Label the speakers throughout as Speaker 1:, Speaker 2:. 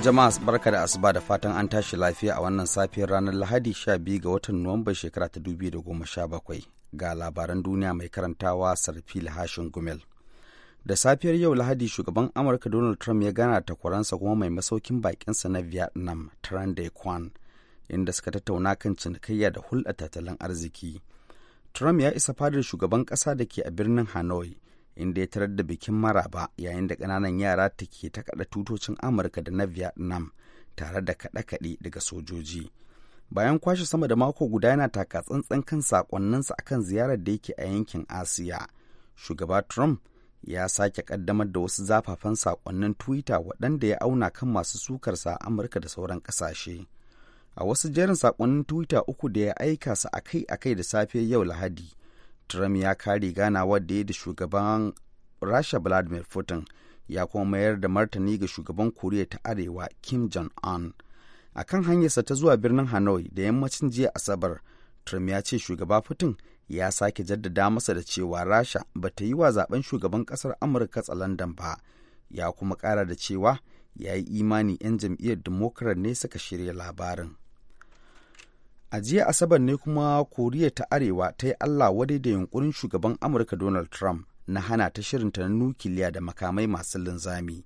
Speaker 1: Jama'a barka da asuba da fatan an tashi lafiya a wannan safiyar ranar Lahadi 12 ga watan Nuwamba shekara ta da sha bakwai ga labaran duniya mai karantawa Sarfil Hashin Gumel. Da safiyar yau Lahadi shugaban Amurka Donald Trump ya gana kwaransa kuma mai masaukin bakinsa na Vietnam Tran Kwan inda suka tattauna kan cinikayya da hulɗa tattalin arziki. Trump ya isa fadar shugaban ƙasa da ke a birnin Hanoi inda ya tarar da bikin maraba yayin da ƙananan yara take ta kaɗa tutocin amurka da na vietnam tare da kaɗe-kaɗe daga sojoji bayan kwashe sama da mako guda yana taka tsantsan kan sakonninsa kan ziyarar da yake a yankin asiya shugaba trump ya sake ƙaddamar da wasu zafafan sakonnin twitter waɗanda ya auna kan masu sukarsa a amurka da sauran ƙasashe a wasu jerin sakonnin twitter uku da ya aika su akai-akai da safe yau lahadi Trump ya kare gana wadda ya da shugaban Rasha Vladimir Putin ya kuma mayar da martani ga shugaban Koriya ta Arewa Kim Jong-un. A kan hanyarsa ta zuwa birnin Hanoi da yammacin jiya Asabar, Trump ya ce shugaba Putin ya sake jaddada masa da cewa Rasha ba ta yi wa zaben shugaban ƙasar Amurka tsalandan ba, ya kuma ƙara da cewa ya yi imani 'yan jam'iyyar Democrat ne suka shirya labarin. a jiya asabar ne kuma koriya ta arewa ta yi allah wadai da yunkurin shugaban amurka donald trump na hana ta shirinta na nukiliya da makamai masu linzami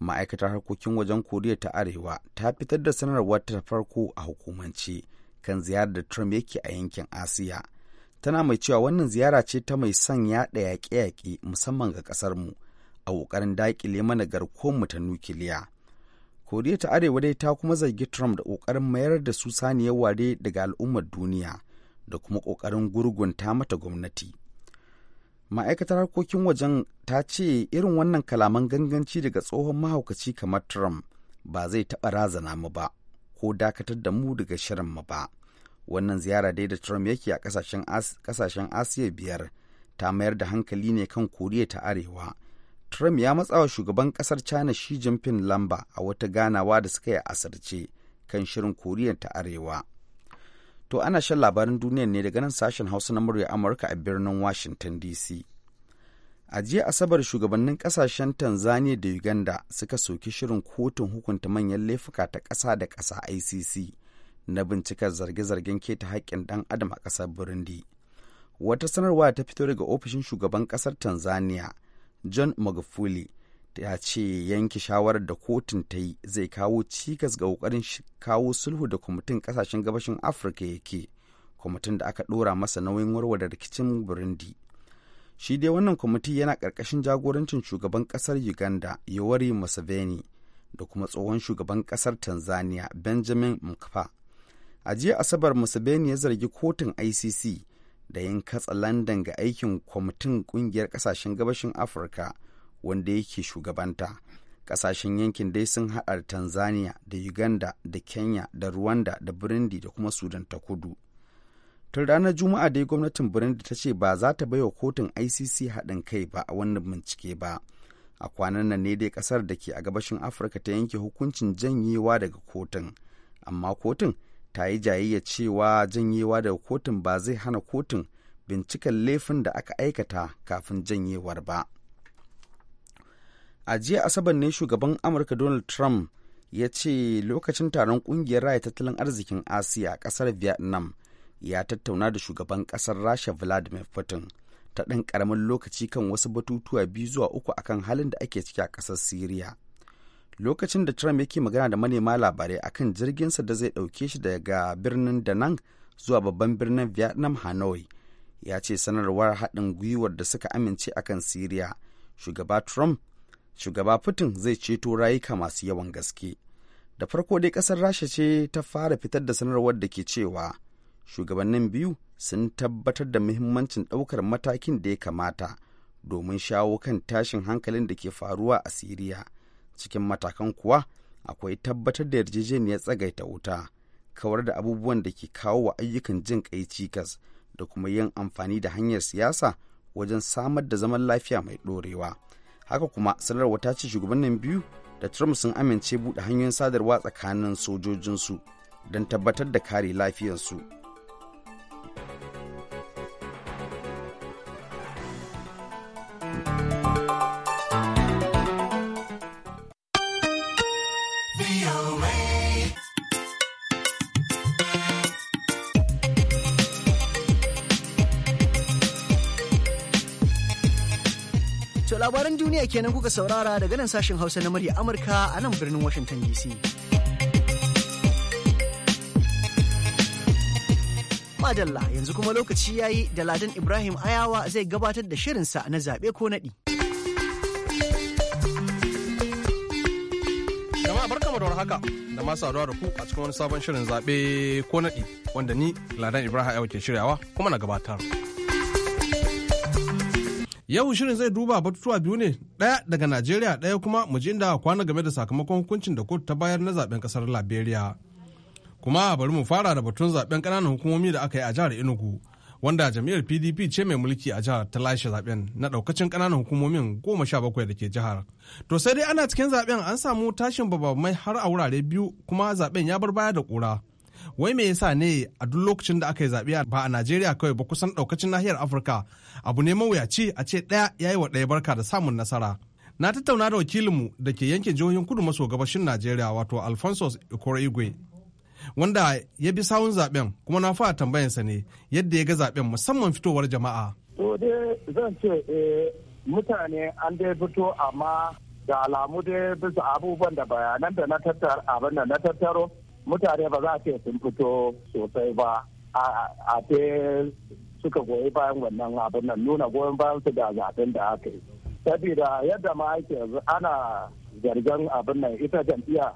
Speaker 1: ma'aikatar harkokin wajen koriya ta arewa ta fitar da sanarwar ta farko a hukumance kan ziyarar da trump yake a yankin asiya tana mai cewa wannan ziyara ce ta mai son yaɗa yaƙe-yaƙe musamman ga ƙasarmu a ƙoƙarin daƙile mana mu ta nukiliya koriya ta arewa dai ta kuma zargi trump da kokarin mayar da su saniyar ware daga al'ummar duniya da kuma kokarin gurgunta mata gwamnati ma'aikatar harkokin wajen ta ce irin wannan kalaman ganganci daga tsohon mahaukaci kamar trump ba zai taɓa razana mu ba ko dakatar da mu daga shirin mu ba wannan ziyara dai da trump yake a kasashen asiya biyar ta mayar da hankali ne kan koriya ta arewa Trump ya matsawa shugaban kasar China Xi Jinping lamba a wata ganawa da suka yi asirce kan shirin Koriya ta Arewa. To ana shan labarin duniya ne daga nan sashen Hausa na murya Amurka a birnin Washington DC. A jiya Asabar shugabannin kasashen Tanzania da Uganda suka soki shirin kotun hukunta manyan laifuka ta ƙasa da ƙasa ICC na bincikar zarge-zargen keta haƙƙin ɗan adam a ƙasar Burundi. Wata sanarwa ta fito daga ofishin shugaban ƙasar Tanzania john magufuli ya ce yanke shawarar da kotun ta yi zai kawo cikas ga kokarin kawo sulhu da kwamitin kasashen gabashin afirka yake kwamitin da aka ɗora masa nauyin warware rikicin burundi shi dai wannan kwamiti yana karkashin jagorancin shugaban kasar uganda yoweri museveni da kuma tsohon shugaban kasar tanzania benjamin mkapa a jiya asabar museveni ya zargi kotun icc da yin katsa London ga aikin kwamitin ƙungiyar ƙasashen gabashin Afirka wanda yake shugabanta. Ƙasashen yankin dai sun haɗa da Tanzania da Uganda da Kenya da Rwanda da Burundi da kuma Sudan ta kudu. Tun ranar Juma'a dai gwamnatin Burundi ta ce ba za ta baiwa kotun ICC haɗin kai ba a wannan bincike ba. A kwanan nan ne dai ƙasar da ke a gabashin Afirka ta yanke hukuncin janyewa daga kotun. Amma kotun ta yi jayayya cewa janyewa daga kotun ba zai hana kotun binciken laifin da aka aikata kafin janyewar ba. A jiya Asabar ne shugaban Amurka Donald Trump ya ce lokacin taron kungiyar raya tattalin arzikin Asiya a kasar Vietnam ya tattauna da shugaban kasar Rasha Vladimir Putin ta ɗan ƙaramin lokaci kan wasu batutuwa biyu zuwa uku a kan halin da ake ciki a ƙasar Siriya. Lokacin da Trump yake magana da manema labarai akan jirginsa da zai ɗauke shi daga birnin Danang zuwa babban birnin Vietnam Hanoi. ya ce sanarwar haɗin gwiwar da suka amince a kan siriya shugaba trump shugaba putin zai ceto rayuka masu yawan gaske da farko dai ƙasar rasha ce ta fara fitar da sanarwar da ke cewa shugabannin biyu sun tabbatar da muhimmancin ɗaukar matakin da ya kamata domin shawo kan tashin hankalin da ke faruwa a siriya cikin matakan kuwa akwai tabbatar da yarjejeniyar tsagaita wuta kawar da abubuwan da ke kawo wa ayyukan jin kai cikas da kuma yin amfani da hanyar siyasa wajen samar da zaman lafiya mai ɗorewa. Haka kuma sanarwa ta ce shugabannin biyu da Trump sun amince buɗe hanyoyin sadarwa tsakanin sojojinsu don tabbatar da kare lafiyarsu.
Speaker 2: duniya kenan kuka saurara daga nan sashin Hausa na murya Amurka a nan birnin Washington DC. Madalla yanzu kuma lokaci ya yi da Ladan Ibrahim Ayawa zai gabatar da shirinsa na zaɓe ko naɗi.
Speaker 3: Jama'a barkamu da haka da ma saduwa da ku a cikin wani sabon shirin zaɓe ko naɗi wanda ni Ladan Ibrahim Ayawa ke shiryawa kuma na gabatar. Yau shirin zai duba batutuwa biyu ne ɗaya daga Najeriya ɗaya kuma mu ji inda kwana game da sakamakon hukuncin da kotu ta bayar na zaben ƙasar Liberia. Kuma bari mu fara da batun zaben ƙananan hukumomi da aka yi a jihar Enugu wanda jam'iyyar PDP ce mai mulki a jihar ta lashe zaben na ɗaukacin ƙananan hukumomin goma sha bakwai da ke jihar. To sai dai ana cikin zaben an samu tashin babamai har a wurare biyu kuma zaben ya bar baya da ƙura. wai me yasa ne a duk lokacin da aka yi zaɓe ba a najeriya kawai ba kusan ɗaukacin nahiyar afirka abu ne mawuyaci a ce ɗaya ya yi wa ɗaya barka da samun nasara na tattauna da wakilinmu da ke yankin jihohin kudu maso gabashin najeriya wato alfonso ikoro igwe wanda ya bi sawun zaɓen kuma na fara tambayansa ne yadda ya ga zaɓen musamman fitowar jama'a
Speaker 4: to dai zan ce eh, mutane an dai fito amma da alamu dai bisa abubuwan da bayanan da na tattaro abin da na tattaro mutane ba za a ce sun fito sosai ba a te suka goyi bayan wannan abin nan nuna goyon bayan su da zaɓen da aka yi saboda yadda ma ake yanzu ana zargin abin nan ita jam'iyya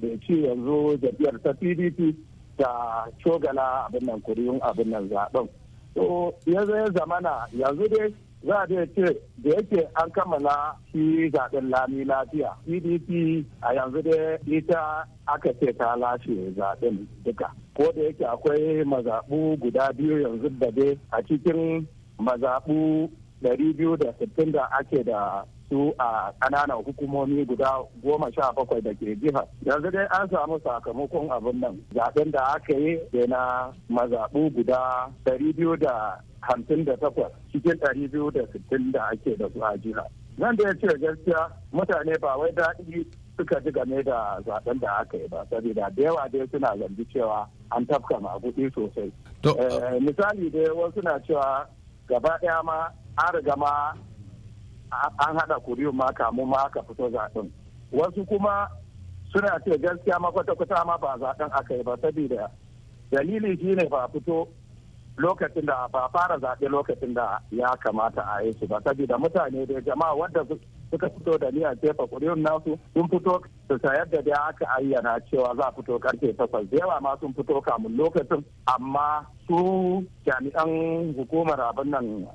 Speaker 4: da ci yanzu jam'iyyar ta pdp ta cogala abin nan kuriyun abin nan zaɓen to ya zamana yanzu dai za a dai ce da yake an kammala shi zaɓen lami lafiya pdp a yanzu dai ita aka ce ta lashe zaɓen duka ko da yake akwai mazaɓu guda biyu yanzu da dai a cikin mazaɓu 260 da sittin ake da su a ƙananan hukumomi guda goma sha bakwai da ke jiha. yanzu dai an samu sakamakon abin nan zaɓen da aka yi da na mazaɓu guda da hamsin da takwas cikin ɗari biyu da sittin da ake da su a jiha. Nan da ya ce gaskiya mutane ba wai daɗi suka ji game da zaben da aka yi ba saboda da yawa dai suna zargi cewa an tafka maguɗi sosai. Eh, misali dai wasu na cewa gaba ɗaya ma an riga ma an haɗa kuriyun ma kamun ma aka fito zaɓen. Wasu kuma suna ce gaskiya ma kwata-kwata ma ba zaɓen aka yi ba saboda dalili shine ba fito lokacin da ba fara zaɓe lokacin da ya kamata a yi shi ba saboda mutane da jama'a wanda suka fito da niyyar jefa ƙuri'un nasu sun fito su sayar da da aka ayyana cewa za a fito karfe takwas da yawa ma sun fito kamun lokacin amma su jami'an hukumar abin nan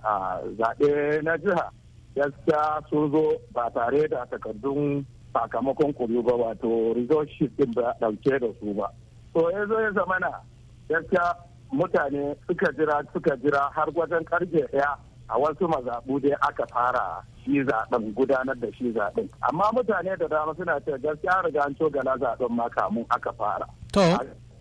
Speaker 4: zaɓe na jiha gaskiya sun zo ba tare da takardun sakamakon ƙuri'u ba wato result din ba ɗauke da su ba. to ya zo ya zamana gaskiya mutane suka jira suka jira har wajen karfe ɗaya a wasu mazaɓu dai aka fara shi zaɓen gudanar da shi zaɓen amma mutane da dama suna cewa gaskiya riga an gala zaɓen ma kamun aka fara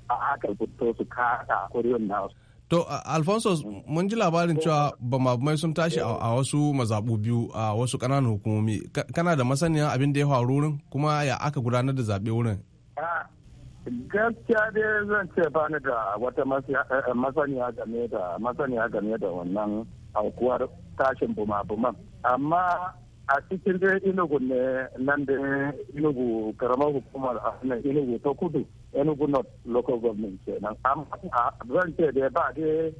Speaker 4: a aka fito su kada kuriyun nasu
Speaker 3: To, Alfonso, mun ji labarin cewa bamabumai sun tashi a wasu mazaɓu biyu a wasu ƙananan hukumomi. Kana da masaniya abin da ya faru wurin kuma ya aka gudanar da zaɓe wurin?
Speaker 4: gaskiya dai zan ce bani da wata eh, eh, masaniya game da masaniya game da wannan aukuwar tashin buma-buman amma a cikin dai inugu ne nan da inugu karamar hukumar a inugu ta kudu inugu north local government nan amma zan ce dai ba dai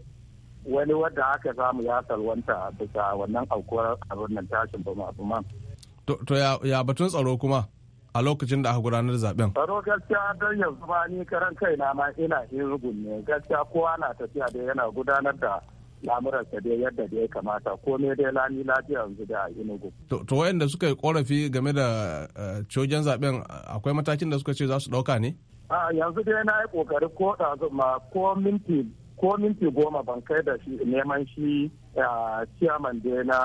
Speaker 4: wani wadda aka samu ya salwanta bisa wannan aukuwar abin nan tashin buma-buman
Speaker 3: to ya batun tsaro kuma a lokacin da aka gudanar zaben.
Speaker 4: Tsaro gaskiya don yanzu ba ni karan na ma ina irugun ne gaskiya kowa na tafiya da yana gudanar da lamuransa dai yadda da ya kamata me dai lami lafiya yanzu da inugu.
Speaker 3: To wayanda suka yi korafi game da eh, cogen zaben akwai matakin da suka ce za su dauka ne?
Speaker 4: A yanzu dai na yi kokari ko ma ko minti ko minti goma ban kai da shi neman shi eh, ciyaman dai na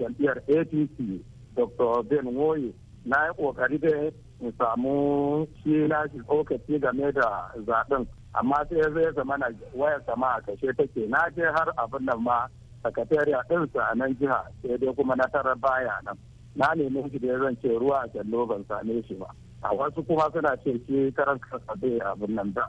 Speaker 4: jam'iyyar APC Dr. Ben Woye na yi kokari da in samu shi na shi tsokaci game da zaɓen amma sai ya zai zama na wayar sama a kashe take na je har abin nan ma sakatariya ɗinsa a nan jiha sai dai kuma na tarar baya nan na nemi shi da zan ce ruwa a kyallo ban same shi ba a wasu kuma suna ce ke karan kasa bai abin nan ya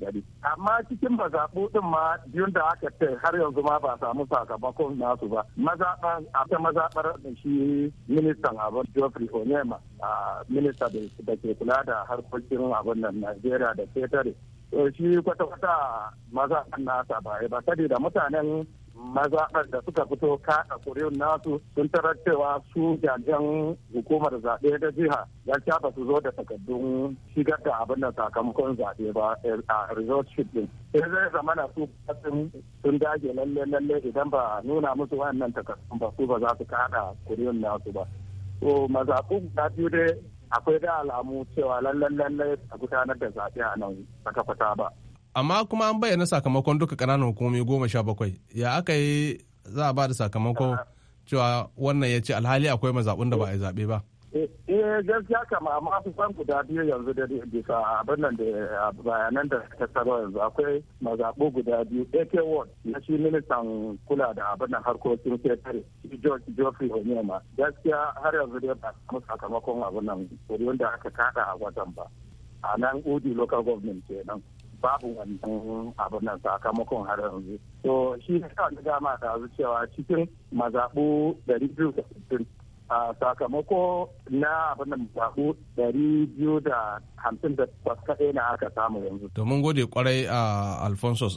Speaker 4: gari amma cikin mazaɓu din ma biyun da aka ce har yanzu ma ba samu sakamakon nasu ba mazaɓar a ta mazaɓar shi ministan abin Geoffrey Onyema a minista da ke kula da harkokin abin nan Najeriya da Ketare eh, shi kwata-kwata mazaɓar nasa ba ba saboda mutanen mazaɓar da suka fito kaɗa kuriyun nasu sun tarar cewa su jajen hukumar zaɓe ta jiha gaskiya ba su zo da takardun shigar da abin da sakamakon zaɓe ba eh, a resort ship din sai zai zama na su sun dage lalle lalle idan ba nuna musu wannan takardun ba su ba za su kaɗa kuriyun nasu ba to mazaɓu guda biyu dai akwai da alamu cewa lalle lalle a gudanar da zaɓe a nan kwata-kwata ba
Speaker 3: amma kuma an bayyana sakamakon duka kananan hukumomi goma sha bakwai ya aka yi za a ba da sakamako cewa wannan ya ce alhali akwai mazaɓun da ba a yi zaɓe ba.
Speaker 4: eh, eh gaskiya kama amma su san guda biyu yanzu da bisa abin nan da eh, bayanan da ta tsaro yanzu akwai mazaɓu guda biyu ak ward na shi ministan kula da abin nan harkokin fetare shi george geoffrey onyema gaskiya har yanzu dai ba samu sakamakon abin nan wanda aka kada a wajen ba a nan udi local government kenan babu wannan abin nan sakamakon har yanzu. To shi ne sa na gama cewa cikin mazaɓu ɗari biyu da sittin a sakamako na abin da mazaɓu ɗari biyu da hamsin da kaɗai na aka samu yanzu.
Speaker 3: To mun gode kwarai a Alfonso.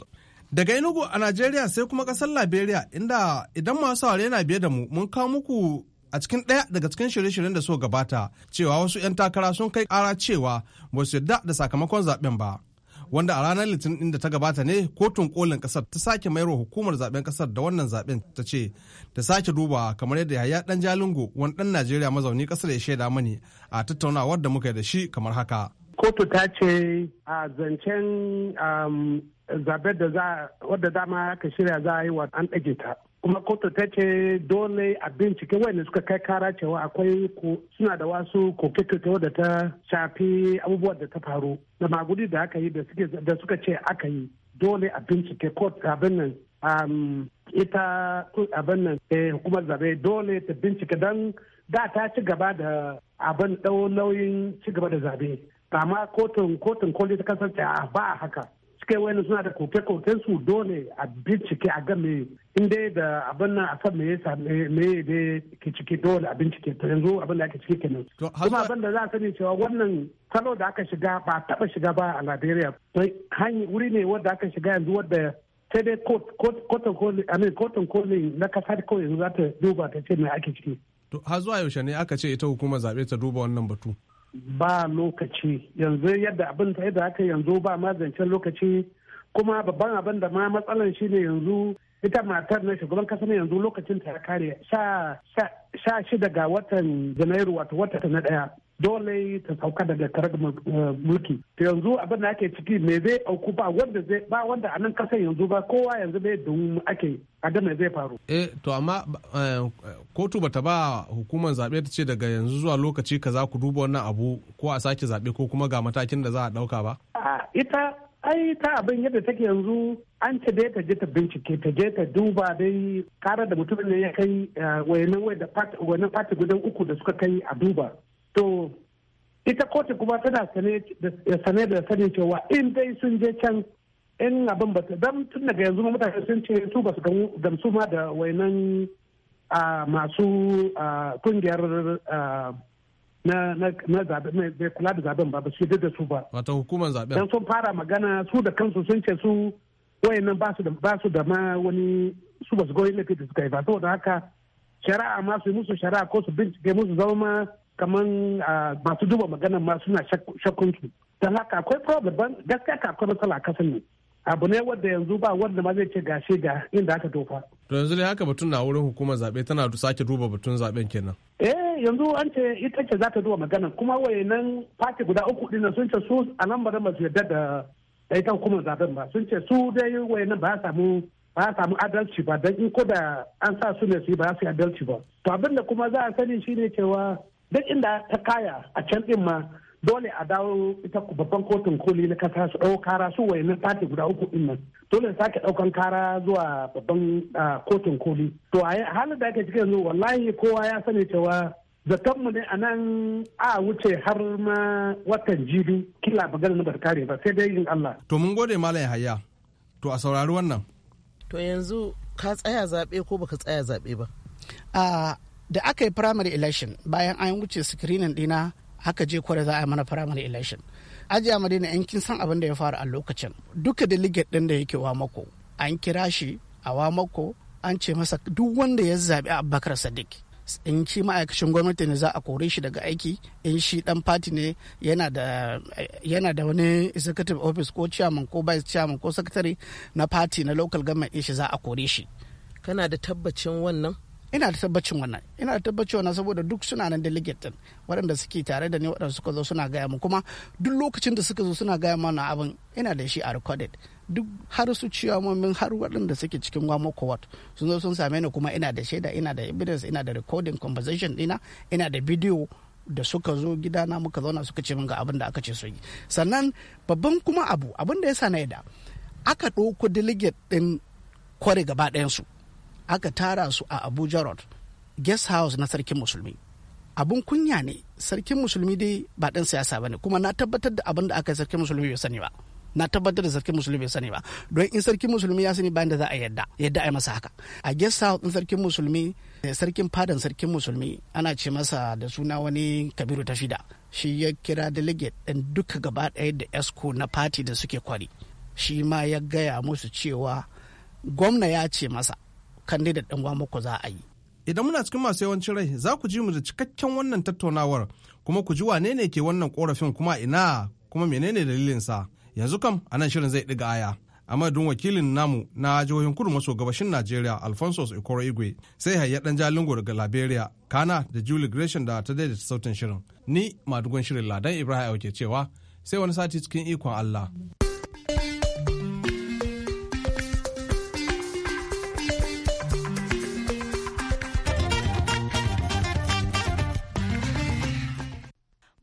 Speaker 3: Daga Enugu a Najeriya sai kuma ƙasar Liberia inda idan masu saurare na biye da mu mun kawo muku a cikin ɗaya daga cikin shirye-shiryen da suka gabata cewa wasu 'yan takara sun kai ƙara cewa ba su yarda da sakamakon zaɓen ba. wanda a ranar litinin inda da ta gabata ne kotun kolin kasar ta sake mayar hukumar zaben kasar da wannan zaben ta ce ta sake dubawa kamar yadda yahaya dan jalingo wani dan najeriya mazauni kasar ya shaida mani a tattaunawar da muka yi da shi kamar haka
Speaker 5: kotu ta ce a zancen um, zaben da za wadda dama aka shirya za a yi wa an ɗage ta kuma kotu ta ce dole a bincike wani suka kai kara cewa akwai suna da wasu koke-koke wadda ta shafi abubuwan da ta faru da magudi da aka yi da suka ce aka yi dole a bincike kot abin nan um, ita abin nan eh, hukumar zabe dole ta bincike don da ta ci gaba da abin ɗau nauyin ci gaba da zabe amma kotun kotun koli ta kasance ba a haka suka yi wani suna da koke-koken su dole a bincike a game in dai da abin nan a san me yasa me da ke ciki dole a bincike ta yanzu abin da ake ciki kenan kuma abin da za a sani cewa wannan salo da aka shiga ba taba shiga ba a hanyar wuri ne wanda aka shiga yanzu wanda sai dai kotun koli amin kotun koli na kasar kawai yanzu za ta
Speaker 3: duba ta ce me ake ciki to har zuwa yaushe ne aka ce ita hukumar zaɓe ta duba wannan batu
Speaker 5: ba lokaci yanzu yadda abin ta yadda aka yanzu ba ma lokaci kuma babban abin da ma matsalan shi ne yanzu ita matar na shugaban kasa ne yanzu lokacin ta ya kare sha shida ga watan janairu wata wata na daya dole ta sauka daga karar eh, mulki to yanzu abin da ake ciki me zai auku ba wanda zai ba wanda anan nan kasan yanzu ba kowa yanzu bai da ake ga me zai faru
Speaker 3: eh to amma eh, kotu bata ba hukumar zabe ta ce daga yanzu zuwa lokaci kaza ku duba wannan abu ko a sake zabe ko kuma ga matakin da za a dauka ba
Speaker 5: ita ai ta abin yadda take yanzu an ce dai ta je ta bincike ta je ta duba dai kara da mutumin ne ya kai eh, wayannan wayannan gudan uku da suka kai a duba to ita kotu kuma tana sane da sani cewa in dai sun je can in abin ba dan tun daga yanzu mutane sun ce su ba su gamsu ma da wainan masu kungiyar na zaɓe mai kula da zaɓen ba ba su da su ba.
Speaker 3: Wata hukumar zaben. Dan sun
Speaker 5: fara magana su da kansu sun ce su wainan ba su da ba su da ma wani su ba su goyi laifi da suka yi ba saboda haka shari'a ma su yi musu shari'a ko su bincike musu zama kamar ah, masu duba magana ma suna su don haka akwai problem gaskiya ka akwai matsala a kasan ne abu ne wanda yanzu ba wanda ma zai ce gashi ga inda aka dofa.
Speaker 3: To yanzu ne haka batun na wurin hukumar zaɓe tana sake duba batun zaɓen kenan.
Speaker 5: Eh yanzu an ce ita ce za ta duba magana kuma wayannan fati guda uku din sun ce su a nan ba su yarda da ita hukumar zaɓen ba sun ce su dai wayannan ba samu ba samu adalci ba don in ko da an sa su ne su yi ba su yi adalci ba. To abin da kuma za a sani shine cewa duk inda ta kaya a can din ma dole a dawo ita babban kotun koli na kasa su dau kara su wayannan sati guda uku din nan dole sake daukan kara zuwa babban kotun koli to a halin da ake cikin yanzu wallahi kowa ya sani cewa zaton mu ne a nan a wuce har
Speaker 3: ma watan jibi kila magana na barkare kare ba sai dai yin Allah. To mun gode Malam Yahaya. To a saurari wannan.
Speaker 1: To yanzu ka tsaya zabe ko baka tsaya zabe ba?
Speaker 6: da aka yi primary election bayan an wuce screening dina haka je kwarai za a yi mana primary election ajiya madina yan kin san abin da ya faru a lokacin duka delegate din da yake wa mako an kira shi a wa mako an ce masa duk wanda ya zabi abubakar sadiq in shi ma'aikacin gwamnati ne za a kore shi daga aiki in shi dan fati ne yana da wani executive office ko chairman ko vice chairman ko secretary na fati na local government shi za a kore shi kana da tabbacin wannan ina da tabbacin wannan ina da tabbacin wannan saboda duk suna nan delegate din waɗanda suke tare da ni waɗanda suka zo suna gaya mu kuma duk lokacin da suka zo suna gaya mana abin ina da shi a recorded duk har su min har waɗanda suke cikin gwamo kowat sun zo sun same ni kuma ina da shaida ina da evidence ina da recording conversation dina ina da video da suka zo gidana muka zauna suka ce min ga abin da aka ce su yi sannan babban kuma abu abin da ya sa na da aka ɗauko delegate din kware gaba ɗayansu su aka tara su a abuja road guest house na sarkin musulmi abun kunya ne sarkin musulmi dai ba ɗan siyasa ba ne kuma na tabbatar da abin da aka yi sarkin musulmi bai sani ba na tabbatar da sarkin musulmi bai sani ba don in sarkin musulmi ya sani bayan da za a yadda yadda a yi masa haka a guest house din sarkin musulmi eh, sarkin fadan sarkin musulmi ana ce masa da suna wani kabiru ta shida shi ya kira delegate ɗin duka gaba ɗaya da esco na fati da suke kwari shi ma ya gaya musu cewa gwamna ya ce masa candidate ɗin muku za a yi.
Speaker 3: Idan muna cikin masu yawancin rai za ku ji mu da cikakken wannan tattaunawar kuma ku ji wane ne ke wannan korafin kuma ina kuma menene dalilinsa. Yanzu kam a nan shirin zai ɗiga aya. amadun wakilin namu na jihohin kudu maso gabashin najeriya alphonsus ikoro igwe sai hayya ɗan jalingo daga liberia kana da julie gresham da ta daidaita sautin shirin ni madugon shirin ladan ibrahim ke cewa sai wani sati cikin ikon allah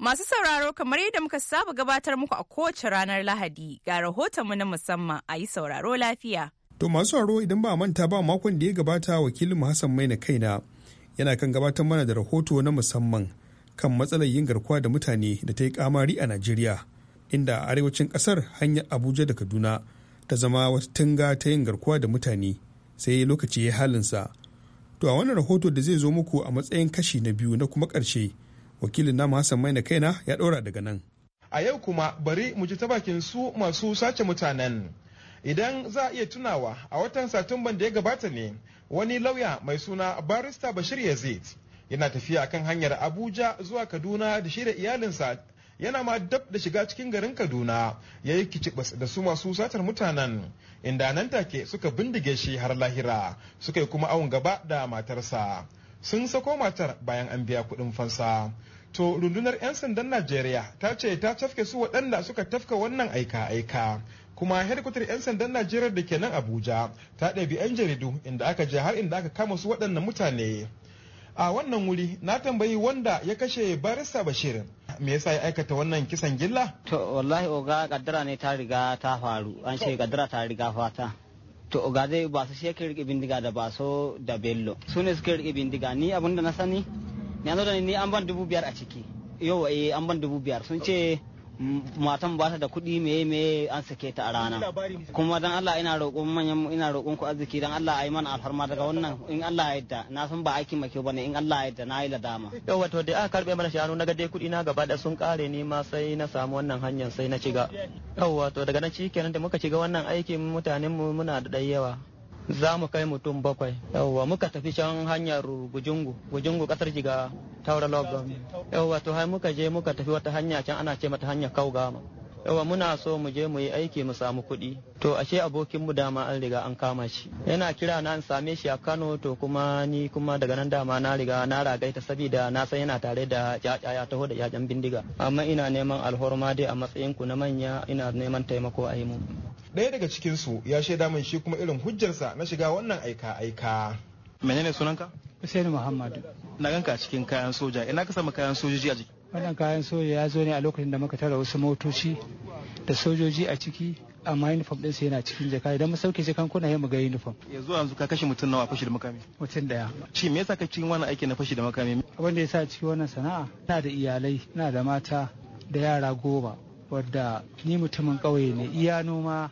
Speaker 6: Masu sauraro kamar yadda muka saba gabatar muku a kowace ranar Lahadi ga rahotonmu na musamman a yi sauraro lafiya.
Speaker 7: To masu sauraro idan ba manta ba makon da ya gabata wakilin Hassan Maina kaina yana kan gabatar mana da rahoto na musamman kan matsalar yin garkuwa da mutane da ta yi kamari a Najeriya inda a arewacin kasar hanyar Abuja da Kaduna ta zama wata tunga ta yin garkuwa da mutane sai lokaci ya halinsa. To a wannan rahoto da zai zo muku a matsayin kashi na biyu na kuma ƙarshe. wakilin namu hassan na kaina ya ɗora daga nan a yau kuma bari mu ji ta bakin su masu sace mutanen idan za a iya tunawa a watan satumban da ya gabata ne wani lauya mai suna barista bashir yazid yana tafiya kan hanyar abuja zuwa kaduna da shi da iyalinsa yana ma dab da shiga cikin garin kaduna ya yi kicibas da su masu satar mutanen inda nan take suka bindige shi har lahira suka yi kuma awon gaba da matarsa sun sako matar bayan an biya kuɗin fansa. To rundunar 'yan sandan Najeriya ta ce ta tafke su waɗanda suka tafka wannan aika-aika. Kuma hedkwatar 'yan sandan Najeriya da ke nan Abuja ta ɗabi 'yan jaridu inda aka je har inda aka kama su waɗannan mutane. A wannan wuri na tambayi wanda ya kashe barista Bashir. me yasa ya aikata wannan kisan gilla? To wallahi oga kaddara ne ta riga ta faru an ce kaddara ta riga fata. to ogadai ba su shi ya rike bindiga da baso da bello su ne suke rike bindiga ni abin da na sani ni an ban dubu biyar a ciki yau eh an ban dubu biyar sun ce matan ba ta da kuɗi meye meye an sake ta a rana kuma dan Allah ina roƙon manyan ina roƙon ku arziki dan Allah ayi mana alfarma daga wannan in Allah ya yarda na san ba
Speaker 8: aikin make bane in Allah ya yarda na yi ladama yau wato da aka karbe mana shanu na dai kuɗi na gaba da sun kare ni ma sai na samu wannan hanyar sai na ciga yau wato daga nan ci da muka ciga wannan aikin mutanen mu muna da yawa za mu kai mutum bakwai yawwa muka tafi can hanyar gujungu gujungu kasar jiga taura lagos yawwa to hai muka je muka tafi wata hanya can ana ce mata hanyar gama. yawa muna so mu je mu yi aiki mu samu kuɗi to ashe abokin mu dama an riga an kama shi yana kira na an same shi a Kano to kuma ni kuma daga nan dama na riga na ragaita saboda na san yana tare da yaya taho da yajan bindiga amma ina
Speaker 7: neman alhorma dai a matsayin ku na manya ina neman taimako a yi mu ɗaya daga cikin su ya shaida min shi kuma irin hujjarsa na shiga wannan aika aika menene sunanka Hussein Muhammadu na ganka cikin kayan soja ina ka samu kayan sojoji a jiki
Speaker 5: wannan kayan soja ya zo ne a lokacin da muka tara wasu motoci da sojoji a ciki amma uniform din yana cikin jaka idan mu sauke jakan kuna yi mu ga uniform
Speaker 7: yanzu yanzu ka kashe mutum nawa fashi da makami mutum daya shi me yasa ka cikin wannan aiki na fashi da makami
Speaker 5: abin da yasa cikin wannan sana'a ina da iyalai ina da mata
Speaker 7: da yara goma wadda ni mutumin ƙauye ne iya noma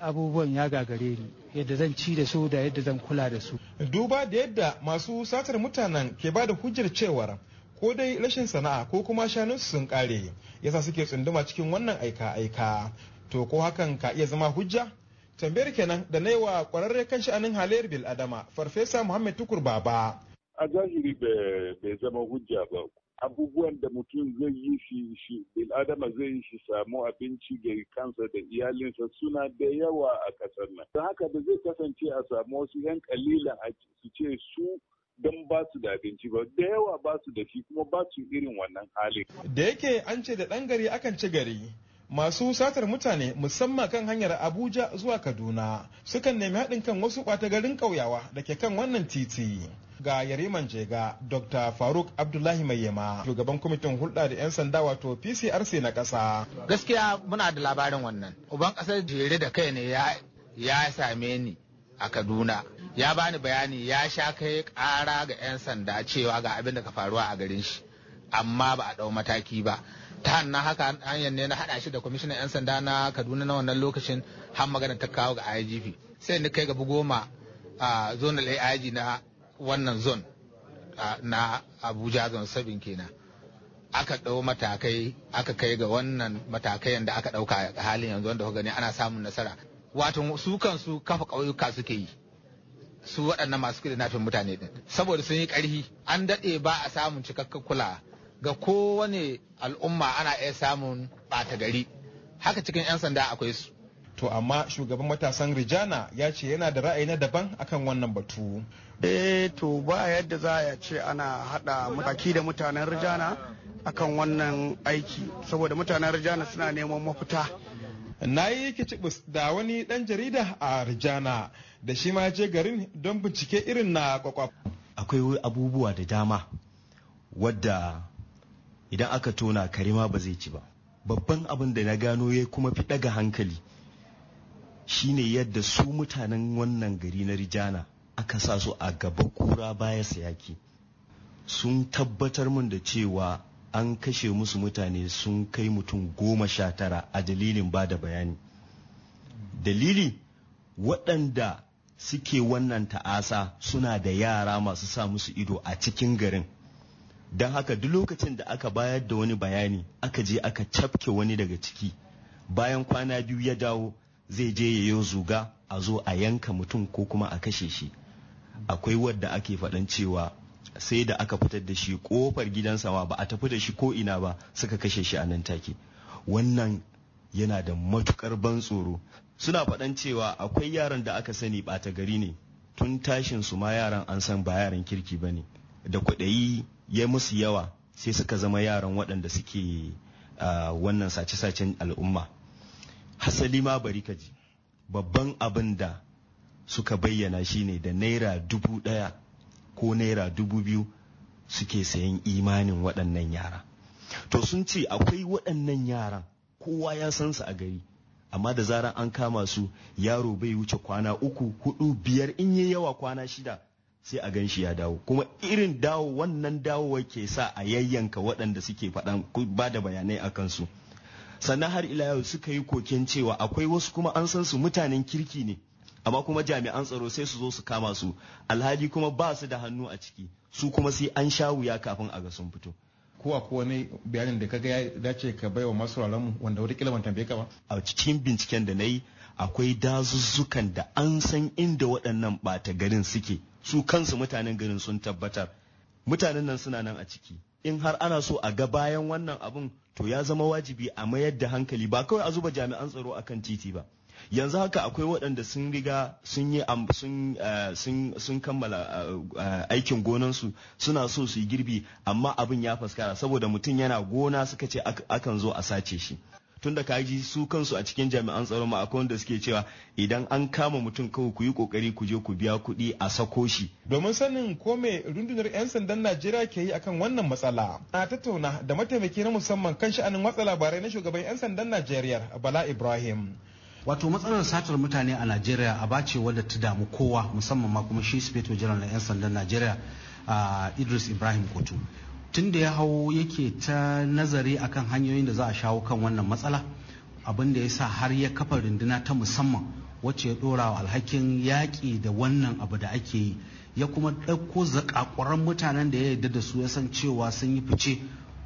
Speaker 7: abubuwan ya gagare ni yadda zan ci da su da yadda zan kula da su duba da yadda masu satar mutanen ke bada hujjar cewar ko dai rashin sana'a ko kuma shanun sun kare yasa suke tsunduma cikin wannan aika-aika to ko hakan ka iya zama hujja tambayar kenan da na yi wa kwararre kan sha'anin halayyar bil'adama farfesa muhammad tukur baba
Speaker 9: a zahiri bai zama hujja ba abubuwan da mutum zai yi shi shi
Speaker 8: bil'adama zai yi shi samu abinci ga kansa da iyalinsa suna da yawa a kasar nan don haka da zai kasance a samu wasu yan kalilan su ce su don ba su da abinci ba da yawa ba su da shi kuma ba su irin wannan halin. Da
Speaker 7: yake an ce da ɗan gari akan ci gari masu satar mutane musamman kan hanyar Abuja zuwa Kaduna sukan nemi haɗin kan wasu ɓata garin ƙauyawa da ke kan wannan titi. Ga Yariman Jega, Dr. Faruk Abdullahi Mayyama, shugaban kwamitin hulɗa da 'yan sanda wato PCRC na ƙasa. Gaskiya muna da labarin wannan. Uban ƙasar jere da kai ne ya same ni a Kaduna ya bani bayani ya sha kai ƙara ga 'yan sanda cewa ga abin da ka faruwa a garin shi amma ba a ɗau mataki ba ta hannun haka hanyar ne na haɗa shi da kwamishinan 'yan sanda na kaduna na wannan lokacin har magana ta kawo ga igp sai ni kai gaba goma a zonal aig na wannan zone na abuja zone sabin kenan aka ɗau matakai aka kai ga wannan matakai da aka ɗauka halin yanzu wanda gani ana samun nasara wato su kansu kafa kauyuka suke yi su waɗannan masu kidnapping mutane ɗin saboda sun yi ƙarfi an daɗe ba a samun cikakken kula ga kowane al'umma ana iya samun ɓata gari haka cikin 'yan sanda akwai su to amma shugaban matasan rijana ya ce yana da ra'ayi na daban akan wannan batu eh to ba yadda za a ce ana hada mutaki da mutanen rijana akan wannan aiki saboda mutanen rijana suna neman mafita na yi kicibis da wani ɗan jarida a rijana da shi ma je garin don bincike irin na kwakwaf akwai abubuwa da dama wadda idan aka tona karima ba zai ci ba
Speaker 8: babban abin da na gano ya kuma fi ɗaga hankali shine yadda su mutanen wannan gari na rijana aka sa su a gaba kura baya sayaki sun tabbatar min da cewa an kashe musu mutane sun kai mutum goma sha tara a dalilin ba da bayani dalili waɗanda suke wannan ta'asa suna da yara masu sa musu ido a cikin garin don haka duk lokacin da aka bayar da wani bayani aka je aka cafke wani daga ciki bayan kwana biyu ya dawo zai je ya yi zuga a zo a yanka mutum ko kuma a kashe shi akwai wadda ake faɗan cewa sai da aka fitar da shi kofar gidan sama ba a tafi da shi ko ina ba suka kashe shi a nan take wannan yana da matukar ban tsoro suna faɗan cewa akwai yaran da aka sani ɓata gari ne tun tashin su ma yaran an san ba yaran kirki ba ne da kwaɗayi ya musu yawa sai suka zama yaran waɗanda suke wannan sace-sacen al'umma hasali ma bari ka ji babban abin da suka bayyana shine da naira dubu ɗaya ko naira dubu biyu suke sayan imanin waɗannan yara to sun ce akwai waɗannan yaran kowa ya san su a gari amma da zarar an kama su yaro bai wuce kwana uku hudu biyar in yi yawa kwana shida sai a gan shi ya dawo kuma irin dawo wannan dawowa ke sa a yayyanka waɗanda suke faɗan ba da bayanai a kansu sannan har ila yau suka yi koken cewa akwai wasu kuma an san su mutanen kirki ne amma kuma jami'an tsaro sai su zo su kama su alhali kuma ba su da hannu a ciki su kuma sai
Speaker 7: an sha wuya
Speaker 8: kafin a ga sun fito
Speaker 7: kowa ko wani bayanin da kaga ya dace ka bai wa masu mu wanda wata kila ban tambaye ka ba a cikin binciken da na yi akwai dazuzzukan
Speaker 8: da an san inda waɗannan ɓata garin suke su kansu mutanen garin sun tabbatar mutanen nan suna nan a ciki in har ana so a ga bayan wannan abun to ya zama wajibi a mayar da hankali ba kawai a zuba jami'an tsaro akan titi ba yanzu haka akwai waɗanda sun riga sun yi eh, sun kammala eh, eh, aikin gonansu suna so su yi girbi amma abin ya faskara saboda mutum yana gona suka ce akan zo a sace shi tun da kaji su kansu a cikin jami'an tsaron ma akwai wanda suke cewa idan an
Speaker 7: kama mutum kawai ku yi kokari ku je ku biya kuɗi a sako shi. Domin sanin ko me rundunar 'yan sandan Najeriya ke yi akan wannan matsala. A tattauna da mataimaki na musamman kan sha'anin watsa labarai na shugaban 'yan sandan Najeriya Bala Ibrahim.
Speaker 9: wato matsalar satar mutane a najeriya a bace wadda ta damu kowa musamman ma kuma shi speto jiran na 'yan sandan najeriya a idris ibrahim kotu tun da ya hau yake ta nazari akan hanyoyin da za a shawo kan wannan matsala abin da ya sa har ya kafa runduna ta musamman wacce ya dora wa alhakin yaƙi da wannan abu da ake yi ya kuma ɗauko zakakuran mutanen da ya yarda da su ya san cewa sun yi fice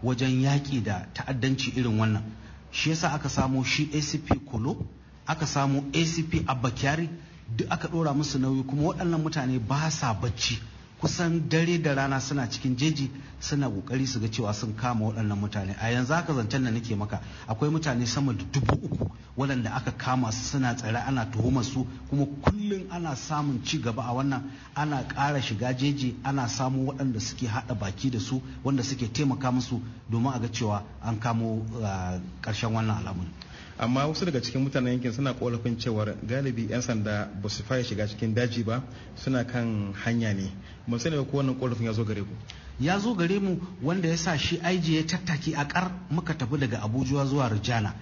Speaker 9: wajen yaƙi da ta'addanci irin wannan shi yasa aka samo shi acp kolo aka samu acp abba kyari duk aka ɗora musu nauyi kuma waɗannan mutane ba sa bacci kusan dare da rana suna cikin jeji suna kokari su ga cewa sun kama waɗannan mutane a yanzu aka zancen da nake maka akwai mutane sama da dubu uku waɗanda aka kama su suna tsare ana tuhumar su kuma kullum ana samun ci gaba a wannan ana ƙara shiga jeji ana samu waɗanda suke haɗa baki da su wanda suke taimaka musu domin a ga cewa an kamo ah, ƙarshen wannan al'amuri.
Speaker 7: amma wasu daga cikin mutanen yankin suna korafin cewar galibi 'yan sanda ba su fara shiga cikin daji ba suna kan hanya ne mun ne ko wannan korafin ya zo gare
Speaker 9: ku ya zo gare mu wanda ya sa shi aiji ya tattaki a kar muka tafi daga abuja zuwa rijana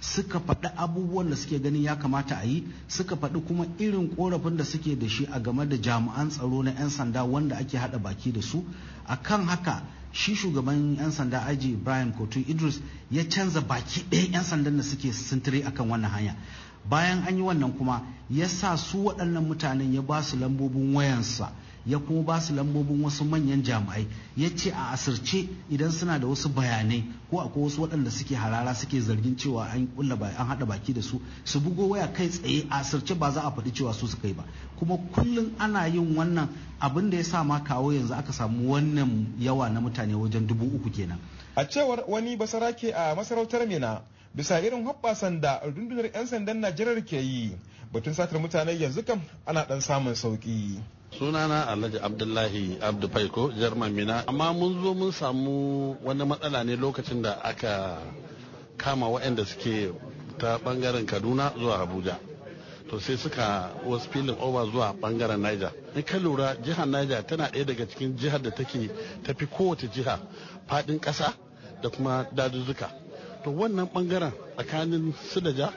Speaker 9: suka faɗi abubuwan da suke ganin ya kamata a yi suka faɗi kuma irin korafin da suke da shi a game da jami'an tsaro na 'yan sanda wanda ake haɗa baki da su akan haka shi shugaban 'yan sanda aji ibrahim kotun idris ya canza baki ɗaya 'yan sandan da suke sintiri akan wannan hanya bayan an yi wannan kuma ya sa su waɗannan mutanen ya ba su lambobin wayansa ya kuma ba su lambobin wasu manyan jami'ai ya ce a asirce idan suna da wasu bayanai ko akwai wasu waɗanda suke harara suke zargin cewa an kulla an haɗa baki da su su bugo waya kai tsaye a asirce ba za a faɗi cewa su suka yi ba kuma kullum ana yin wannan abin da ya sa ma kawo yanzu aka samu wannan yawa na mutane wajen dubu uku kenan
Speaker 7: a cewar wani basarake a masarautar mina bisa irin hoɓɓasan da rundunar 'yan sandan najeriya ke yi batun satar mutane yanzu kam ana ɗan samun sauki.
Speaker 9: sunana alhaji abdullahi abdu faiko jarman mina amma mun zo mun samu wani matsala ne lokacin da aka kama waɗanda suke ta bangaren kaduna zuwa abuja to sai suka wasu filin over zuwa bangaren niger in ka lura jihar niger tana ɗaya daga cikin jihar da take tafi kowace jiha faɗin ƙasa da kuma dazuzzuka to wannan bangaren tsakanin su da ja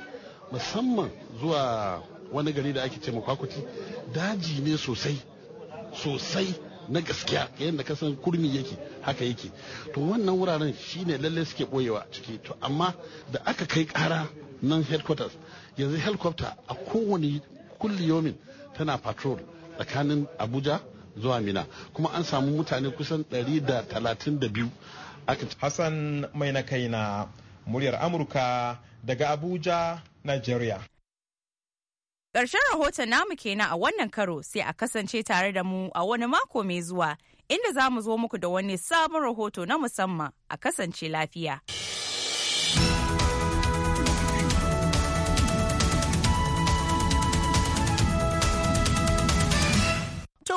Speaker 9: musamman zuwa wani gari da ake ce makwakuti daji ne sosai sosai na gaskiya yadda ka san kurmi yake haka yake to wannan wuraren shine lalle suke boyewa ciki to amma da aka kai kara nan headquarters yanzu helicopter a kowane kulli yomin tana patrol tsakanin abuja zuwa mina kuma an samu mutane kusan 132 hassan mai na kaina
Speaker 7: muryar amurka daga abuja nigeria
Speaker 6: Ƙarshen rahoton namu kenan a wannan karo sai a kasance tare da mu a wani mako mai zuwa inda za mu zo muku da wani sabon rahoto na musamman a kasance lafiya.